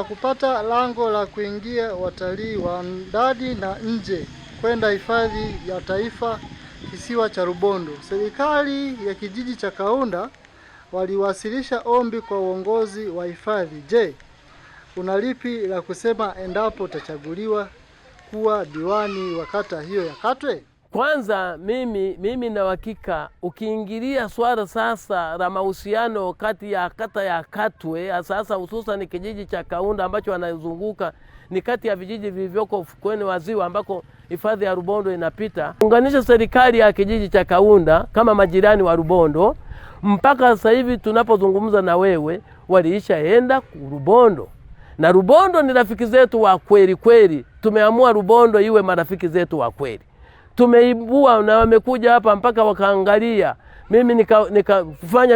la kupata lango la kuingia watalii wa ndani na nje kwenda hifadhi ya taifa kisiwa cha Rubondo. Serikali ya kijiji cha Kaunda waliwasilisha ombi kwa uongozi wa hifadhi. Je, una lipi la kusema endapo utachaguliwa kuwa diwani wa kata hiyo ya Katwe? Kwanza mimi, mimi na hakika ukiingilia swala sasa la mahusiano kati ya kata ya Katwe sasa hususan kijiji cha Kaunda ambacho wanazunguka ni kati ya vijiji vilivyoko ufukweni wa ziwa ambako hifadhi ya Rubondo inapita, unganisha serikali ya kijiji cha Kaunda kama majirani wa Rubondo. Mpaka sasa hivi tunapozungumza na wewe, waliishaenda Rubondo na Rubondo ni rafiki zetu wa kweli kweli. Tumeamua Rubondo iwe marafiki zetu wa kweli tumeibua na wamekuja hapa mpaka wakaangalia. Mimi nikafanya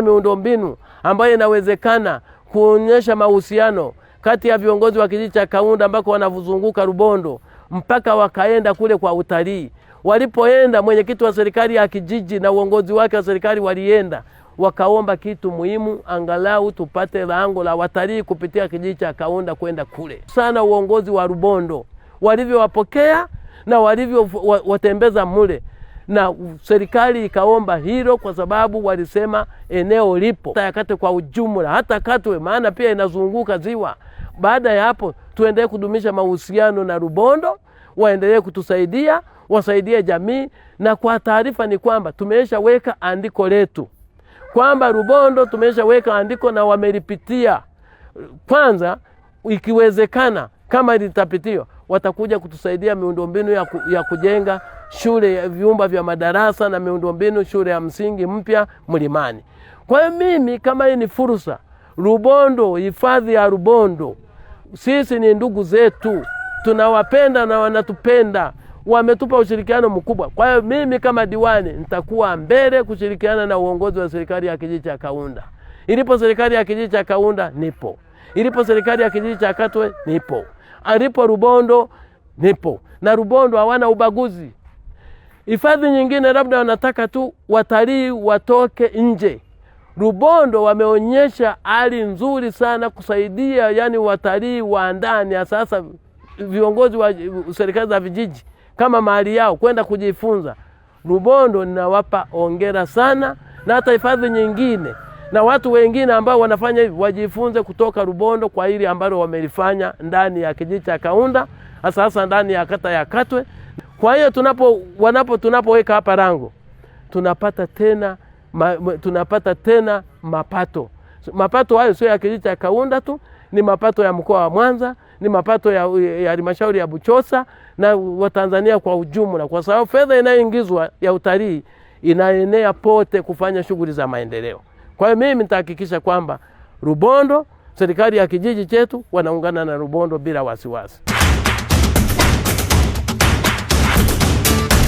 nika miundombinu ambayo inawezekana kuonyesha mahusiano kati ya viongozi wa kijiji cha Kaunda ambako wanavuzunguka Rubondo mpaka wakaenda kule kwa utalii. Walipoenda, mwenyekiti wa serikali ya kijiji na uongozi wake wa serikali walienda wakaomba kitu muhimu, angalau tupate lango la watalii kupitia kijiji cha Kaunda kwenda kule. Sana uongozi wa Rubondo walivyowapokea na walivyo watembeza mule, na serikali ikaomba hilo, kwa sababu walisema eneo lipo yakate kwa ujumla, hata Katwe maana pia inazunguka ziwa. Baada ya hapo, tuendelee kudumisha mahusiano na Rubondo, waendelee kutusaidia, wasaidie jamii. Na kwa taarifa ni kwamba tumeshaweka andiko letu kwamba Rubondo tumeshaweka andiko na wamelipitia kwanza, ikiwezekana kama litapitiwa watakuja kutusaidia miundombinu ya, ku, ya kujenga shule ya vyumba vya madarasa na miundombinu shule ya msingi mpya Mlimani. Kwa hiyo mimi kama hii ni fursa, Rubondo, hifadhi ya Rubondo, sisi ni ndugu zetu, tunawapenda na wanatupenda, wametupa ushirikiano mkubwa. Kwa hiyo mimi kama diwani nitakuwa mbele kushirikiana na uongozi wa serikali ya kijiji cha Kaunda. Ilipo serikali ya kijiji cha Kaunda nipo, ilipo serikali ya kijiji cha Katwe nipo alipo Rubondo nipo na Rubondo hawana ubaguzi. Hifadhi nyingine labda wanataka tu watalii watoke nje. Rubondo wameonyesha hali nzuri sana kusaidia, yani watalii wa ndani, sasa viongozi wa serikali za vijiji kama mahali yao kwenda kujifunza. Rubondo ninawapa ongera sana, na hata hifadhi nyingine na watu wengine ambao wanafanya hivi wajifunze kutoka Rubondo kwa hili ambalo wamelifanya ndani ya kijiji cha Kaunda, hasa hasa ndani ya kata ya Katwe. Kwa hiyo tunapo wanapo tunapoweka hapa rango tunapata tena ma, tunapata tena mapato. Mapato hayo sio ya kijiji cha Kaunda tu, ni mapato ya mkoa wa Mwanza, ni mapato ya halmashauri ya, ya Buchosa na Watanzania kwa ujumla, kwa sababu fedha inayoingizwa ya utalii inaenea pote kufanya shughuli za maendeleo. Kwa hiyo mimi nitahakikisha kwamba Rubondo, serikali ya kijiji chetu wanaungana na Rubondo bila wasiwasi.